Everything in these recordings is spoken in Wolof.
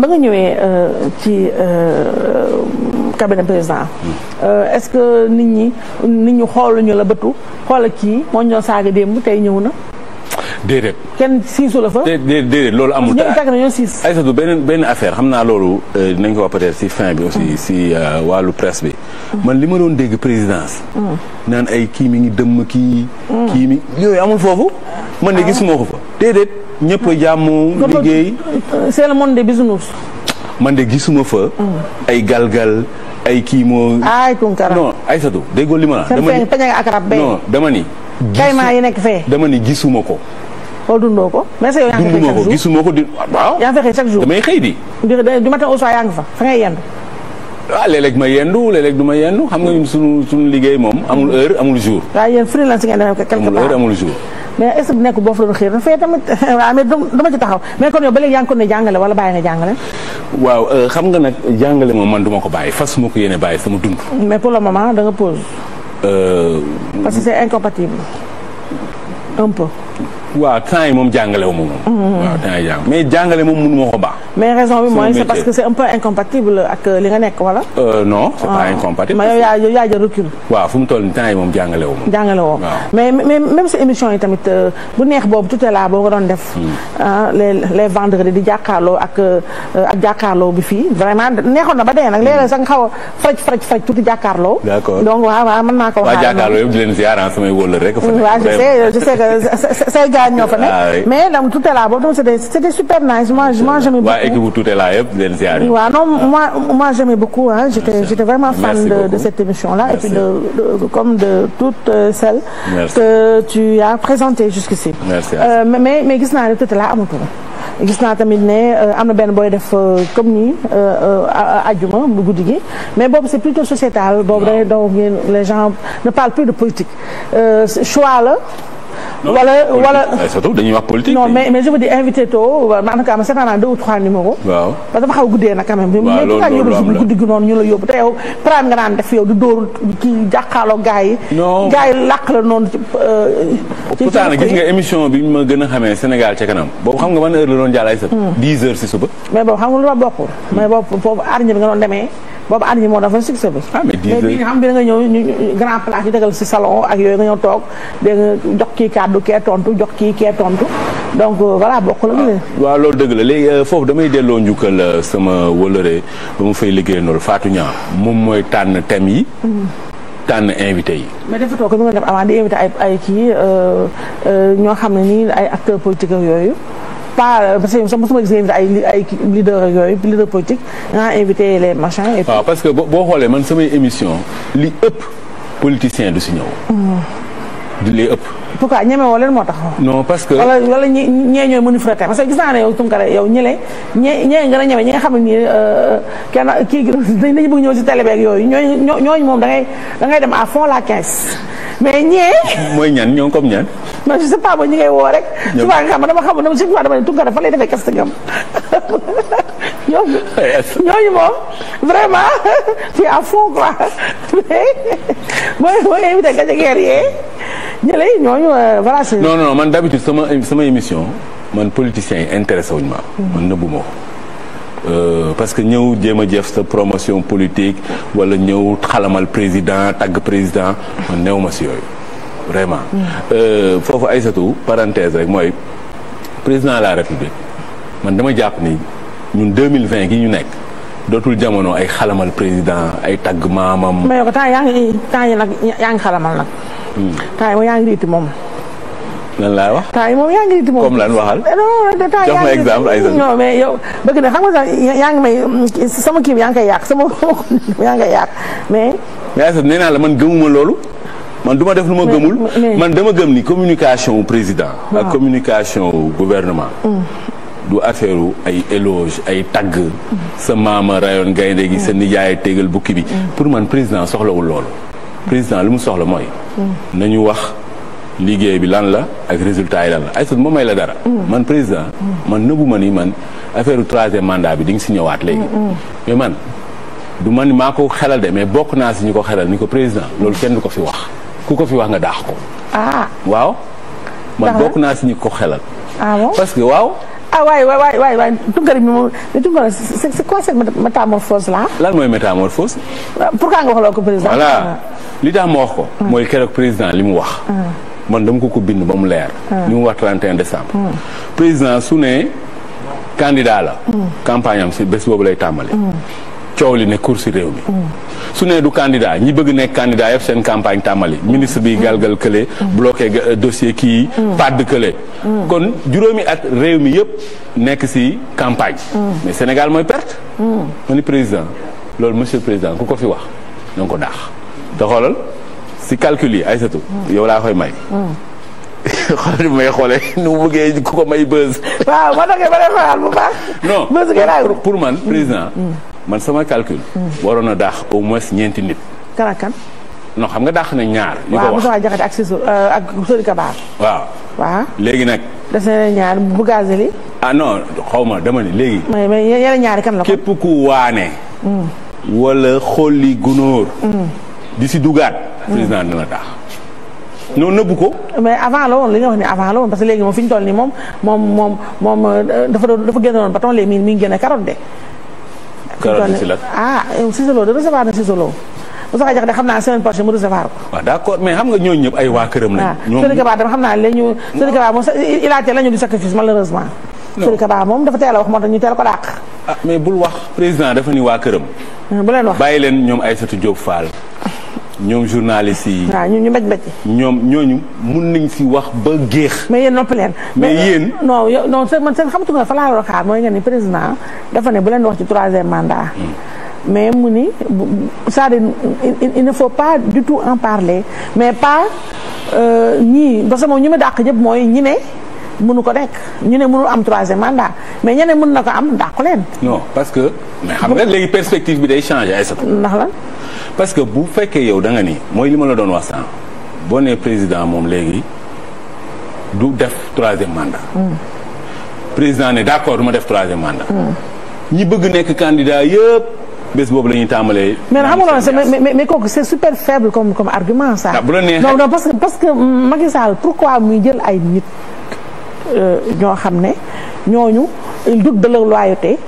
ba nga ñëwee euh, ci euh, cabinet président euh, est-ce que nit ñi nit ñi xooluñu la bëtu xoola kii moo ñoo saaga démb tey ñëw na déedéet kenn siisu la fa déedéet loolu amul Aïssatou beneen benn affaire xam naa loolu dinañ ko wax peut-être si fin bi aussi si wàllu presse bi man li ma doon dégg présidence naan ay kii mi ngi dëmm kii mm. kii mi yooyu amul foofu man de ah. gisuma ko fa déedéet ñépp a jàmm liggéey. c'est le monde des man de gisuma fa. Hmm. ay galgal ay kii moo. ay Tunkara non Aïssatou déggoo li ma la. dama ni seen non dama ni. kaymaa yi nekk fee. dama ni gisuma ko. dundoo ko mais sa yow yaa ngi fexee gisuma ko di waaw. yaa ngi fexee jour damay xëy di. du matin au soir yaa fa fa ngay yendu. ah léeg-léeg ma yendu léeg-léeg yendu xam nga ñun suñu suñu liggéey moom. amul heure amul jour. waaw yéen freelance ngeen def quelque part amul heure amul jour. mais est-ce boo fa doon xiir na fee tamit waaw mais dama ci taxaw mais kon yow ba léegi yaa ngi ko ne jàngale wala bàyyi nga jàngale waaw euh, xam nga nag jàngale moom man duma ko bàyyi fas ma ko yéene bàyyi sama dund mais pour le moment da nga pause parce que c'est incompatible un peu waaw temps yi moom jàngale wu ma moom. Mm-hmm. waaw temps yi jàng mais jàngale moom ma ko mais raison bi mooy parce que c'est un peu incompatible ak euh, li nga nekk wala. Euh, non c'est pas ah. incompatible. émission yi tamit euh, bu neex boobu tout à l'heure boo ko doon def. Mm. Ah, les les di jàkkaarloo ak jàkkaarloo bi fii vraiment neexoon na ba dee nag mm. léeg-léeg sax nga xaw a faraj faraj faraj tuuti jàkkaarloo. d'accord donc waaw waaw jàkkaarloo yëpp di leen ziar ah, samay wóor rek. fa nekk vraiment waaw je sais je sais tutela ñoo fa nekk ah, mais donc tutela boobu donc c'était c'était super nice moi moi j'aimais beaucoup. waaw équipe tutela yëpp di leen ziar. waaw non ah. moi moi j'aimais beaucoup ah j'étais j'étais vraiment fan de, de cette émission là merci. et puis de, de comme de toutes euh, celles merci. que tu as présentées jusqu'ici euh, mais mais gis naa ne tutela amatul gis naa tamit ne euh, am na benn booy def euh, comme nii ajjuma bu guddi gi mais boobu c'est plutôt sociétal boobu dañuy donc les gens ne parlent plus de politique choix la wala ah, wala surtout dañuy wax politique. non mais mais je veux dire invité too maanaam seetaan naa deux ou trois numéros. waaw parce dafa xaw guddee nag quand même. ñu la yóbbu te yow prime nga naan def yow di dóor kii jàkkaarloo gars yi. làkk la noonu ci. Euh, ci pourtant gis nga émission bi ma gën a xamee Sénégal ca kanam. boobu xam nga ban heure la doon jàll ay sëb. 10 hmm. heures si suba. mais boobu xam nga lu ma bokkul. mais boobu foofu nga doon demee boobu at yi moo dafa succès bi. ah mais bi nga xam bi da nga ñëw ñu grand place ñu tegal si salon ak yooyu nga ñëw toog dégg jox kii kàddu kee tontu jox kii kee tontu donc euh, voilà bokk la leen. Ah, waaw loolu dëgg la léegi euh, foofu damay delloo njukkal euh, sama wëlëre ba mu fay liggéeyandoo Fatou Niang moom mooy tànn thème yi. tànn invité yi. mais dafa toog ko mi nga def avant di invité ay ay kii ñoo xam ne nii ay acteurs politiques yooyu. pas euh, parce que mosuma gis nga invité ay ay leader ak yooyu leader politique nga invité les machins. et puis parce que boo xoolee man samay émission li ëpp politicien du si ñëw. du mm. li ëpp. pourquoi ñeme woo leen moo tax. non parce que wala wala ñi ñee ñooy mën a fréquent parce que gis naa ne yow Tunkara yow ñële ñee ñee nga a ñeme ñi nga xam ne nii euh, euh, kenn kii dañu bëgg ñëw si télé beeg yooyu ñooñu ñooñu moom da ngay da ngay dem à fond la caisse mais ñee. mooy ñan ñoom comme ñan. non je sais pas ba ñu ngay woo rek. ñoom souvent nga xam ne dama xamul dama surtout dama ne Tounkara fa lay defee castingam ñooñu. ñooñu moom vraiment tu es à fond quoi mais booy invité yee ñële ñooñu euh, voilà. non non man d'habitude sama émission man politiciens yi intéressé wuñu ma. Hmm. man nëbbuma ko. Euh, parce que ñëw jéem a jëf sa promotion politique wala ñëw xalamal président tàgg président man néew ma si yooyu. vraiment. Euh, foofu Aïssatou parenthèse rek mooy président de la république man dama jàpp ni ñun 2020 gi ñu nekk. dootul jamono ay xalamal président ay tagg maamam. mais yow temps yaa ngi temps yi nag yaa ngi xalamal nag. Hmm. temps yi moom yaa ngi riiti moom. lan laa wax. temps yi moom yaa ngi riiti moom. comme lan waxal. non temps jox ma exemple ay non mais yow bëgg na xam nga sax yaa ngi may sama kii bi yaa ngi koy yàq sama yaa ngi koy yàq mais. mais nee naa la man gëmuma loolu. man du ma def lu ma gëmul man dama gëm ni communication président ak communication gouvernement mm. du affaire ay éloge ay tagg mm. sa maama rayoon gaynde gi sa mm. nijaay tégal bukki bi pour man président soxlawul loolu président lu mu soxla mooy nañu wax liggéey bi lan la ak résultat yi lan la ay sut moom may la dara man président man nëbbu ma ni man affaire troisième mandat bi di nga si ñëwaat léegi mais man du man maa ko xelal de mais bokk naa si ñu ko xelal ni ko président loolu kenn du ko fi wax ku ko fi wax nga daax ko. ah waaw. man bokk naa si ñu ko xelal. ah bon parce que waaw. ah waay waay waay waay Tunkara bi moom Tunkara c'est quoi cette métamorphose là. lan ah, nga waxaloo ko ah. li ko. Ah. président li mu wax. man dama ko ko bind ba mu leer. li mu wax 31 décembre. président su ne candidat la. campagne am si bés boobu lay tàmbali. coow li ne course réew mi. Mm. su nee du candidat ñi bëgg nekk candidat yëpp seen campagne tàmbali. Mm. ministre bi mm. galgal kële. bloqué euh, dossier kii. padd kële. kon juróomi at réew mi yëpp nekk ci campagne. mais Sénégal mooy perte. ma ni président loolu monsieur le président ku ko fi wax na nga ko man président. man sama calcul. Hmm. waroon na daax au moins ñeenti nit. kan no xam nga daax na ñaar. li ko wax euh, waaw ak ak Sori Kabaar. waaw. léegi nag. des na ñaar bu gazeli. ah non xaw ma dama ni léegi. mais mais yeneen ñaari kan la ko. képp ku waane. Hmm. wala xolli gunóor. Hmm. di si dugaat. président dina daax. non nëbbu ko. mais avant la woon li nga wax ni avant la woon parce que léegi moom fi ñu toll nii moom moom moom moom euh, dafa doon dafa génnoon ba tontu léegi mi ngi génne de. ah Cissé Lo de recevoir na Cissé Lo Moussa Diakhaté xam naa semaine prochaine mu recevoir ko. waaw ah, d'accord mais xam nga ñooñu ñëpp ay waa këram lañ. Ah, ñoom Sori dama xam naa léegi ñu Sori moom dafa teel wax moo tax ñu teel ko dàq. ah mais bul wax président dafa ni waa këram. Ah, bu leen wax bàyyi leen ñoom Aïssatou Diop Fall. ñoom journaliste yi. waaw ñun ñu bëj bëj. ñoom ñooñu mun nañ si wax ba géex. mais yéen noppi leen. mais yéen non non man seen xamatu nga fa laa a mooy nga ni président dafa ne bu leen wax ci troisième mandat. Hmm. mais ni c'est-à-dire il ne faut pas du tout pas euh, ñii parce que moom ñu ma dàq ñëpp mooy ñu ne munu ko nekk ñu ne mënul am troisième mandat mais ñeneen mën na ko am dàq leen. non parce que. mais xam nga léegi perspective bi day changé ay sa. ndax la. parce que bu fekkee yow danga nga ni mooy li ma la doon wax sànq boo nee président moom léegi du def troisième mandat. Hmm. président ne d'accord du ma def troisième mandat. Hmm. ñi bëgg nekk candidat yëpp bés boobu la ñuy tàmbalee. mais mais mais mais kooku c'est super faible comme comme argument ça. Ah, bu la neexee non parce que parce que Macky Sall pourquoi muy jël ay nit euh, ñoo xam ne ñooñu dugg de la loyauté.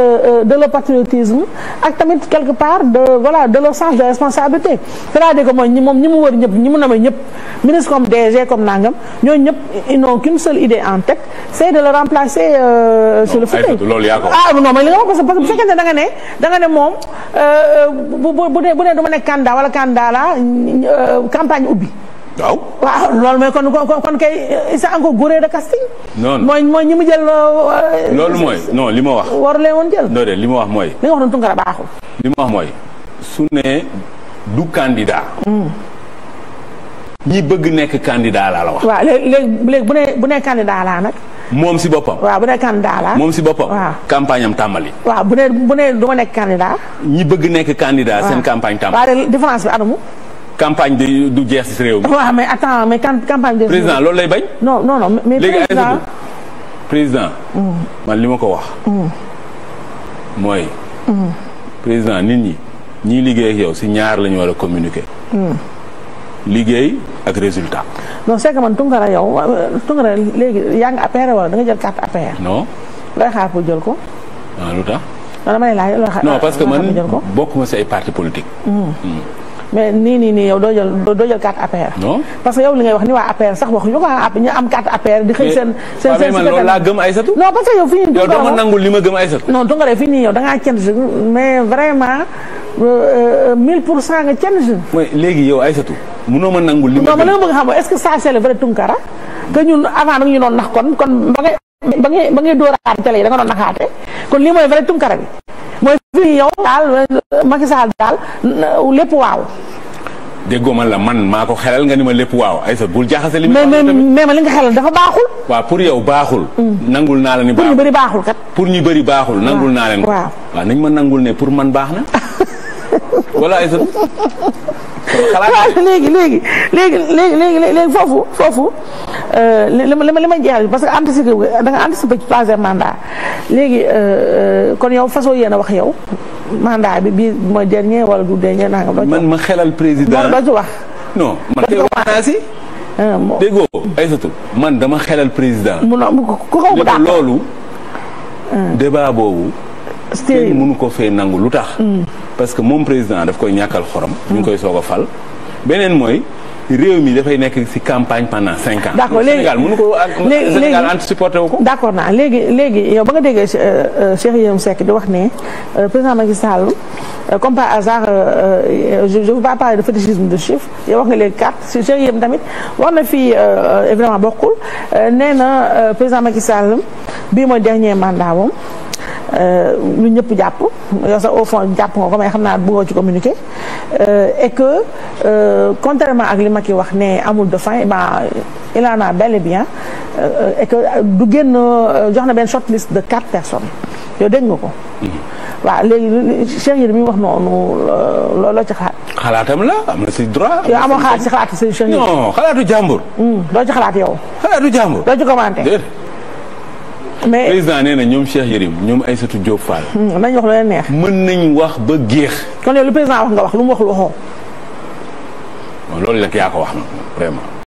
Euh, euh, de le patriotisme ak tamit quelque part de voilà de leur sens de responsabilité c'est-à-dire mooy ñi moom ñi mu wër ñëpp ñi mu nommé ñëpp ministre comme DG comme nangam ñooñu ñëpp ils n'ont qu'une seule idée en tête c'est de le remplacer euh, sur le fauteuil ah non mais li nga wax parce que bu fekkee ne da ne da nga ne moom bu bu bu dee du nekk candidat wala candidat la campagne ubbi waaw waaw loolu mooy kon kon kay c'est encore gouré de casting. non mooy mooy ñi mu jël. Euh, loolu mooy non li ma wax. war leen woon jël. non de li ma wax mooy. li nga wax noonu Tunkara baaxul. li ma wax mooy. su ne du candidat. Hmm. ñi bëgg nekk candidat laa la wax. waaw léegi léegi bu nee bu nee laa nag. moom si boppam. waaw bu nee candidat laa. moom si boppam. waaw campagne am bu nee bu nee du ma nekk candidat. ñi bëgg nekk candidat. seen campagne tàmbali. waaw différence bi anamu. campagne de du jeex si réew mi. waaw mais attends mais campagne de. président loolu lay bañ. non non non mais président président. Mm. man li ma ko wax. Mm. mooy. Mm. président nit ñi ñiy liggéey ak yow si ñaar la ñu war a communiquer. liggéey ak résultat. non c'est que man Tounkara yow Tounkara léegi yaa ngi APR wala da nga jël carte APR. non. looy xaar pour jël ko. ah lu tax. non damay laaj looy xaar non parce que man bokkuma si ay parti politique. mais nii nii nii yow doo jël doo jël carte APR. parce que yow li ngay wax ni waa APR sax waxuñu ko ah ñu am carte APR. di xëy seen seen si loolu laa gëm Aïssatou. non parce que yow fi ñu. yow dama nangul li ma gëm Aïssatou. non Tounkara fi nii yow da ngaa change mais vraiment 1000 euh, euh, pour cent nga change. mooy léegi yow Aïssatou. mënoo ma nangul li ma gëm non ma bëgg xam est-ce que ça c'est le vrai Tounkara que ñun avant da ñu doon nax kon kon ba ngay ba ngay ba ngay dóoraat télé yi da nga doon naxaate kon lii mooy vrai Tounkara bi mooy fi ni yow daal Macky daal lépp waaw déggoo ma la man maa ko xelal nga ni ma lépp waaw ay sa bul jaaxase li mais mais ma li nga xelal dafa baaxul waaw pour yow baaxul mm. nangul naa la ni pour ñu baaxul kat pour ñu bëri baaxul nangul naa leen waaw waa nañ ma nangul ne pour man baax na wala ay sët. xalaat ah, léegi léegi léegi léegi léegi léegi foofu foofu euh, li ma li ma jeexal parce que anticipé da nga anticipé ci troisième mandat léegi euh, euh, kon yow façon yéen a wax yow mandat bi bii mooy dernier wala du dernier nangam. doo man ma xelal président doo ci wax. non man ah, xelal président. mu ku loolu. Ah. débat boobu. kenn mënu ko fee nangu lu tax. Hmm. parce que moom président dafa koy ñàkkal xorom. mu ngi koy soo a fal beneen mooy. réew mi dafay nekk ci campagne pendant cinq ans. d' accord léegi Sénégal mënu ko Sénégal anti supporté wu ko. d' accord naa léegi léegi yow ba nga déggee euh, euh, Cheikh Yérim Seck di wax ne euh, président Macky Sall comme par hasard je ne veux pas parler de fétichisme de chiffre yow wax nga léegi quatre si Cheikh Yérim tamit wax na fii évidemment bokkul nee na président Macky Sall bii mooy dernier mandat Euh, lu ñëpp jàpp yow sax au fond jàpp nga ko may xam naa bëggoo ci communiquer euh, et que euh, contrairement ak li ma ki wax ne amul dauphin ben il en a bel bien et que du génn jox na benn shortlist de quatre personnes yow dégg nga ko mhm. waaw léegi Cheikh mi wax noonu looloo ci xalaat. xalaatam la am na si droit. yow amoo xalaat si xalaatu si Cheikh xalaatu jàmbur. doo hmm, ci xalaat yow. xalaatu jàmbur doo ci commenté. mais président nee na ñoom Cheikh Yérim ñoom Aïssatou Diop Fall. Hmm, nañ wax lu leen neex. mën nañ wax ba géex. kon yow lu président wax nga wax lu mu wax lu waxoo. loolu la yaa ko wax na vraiment.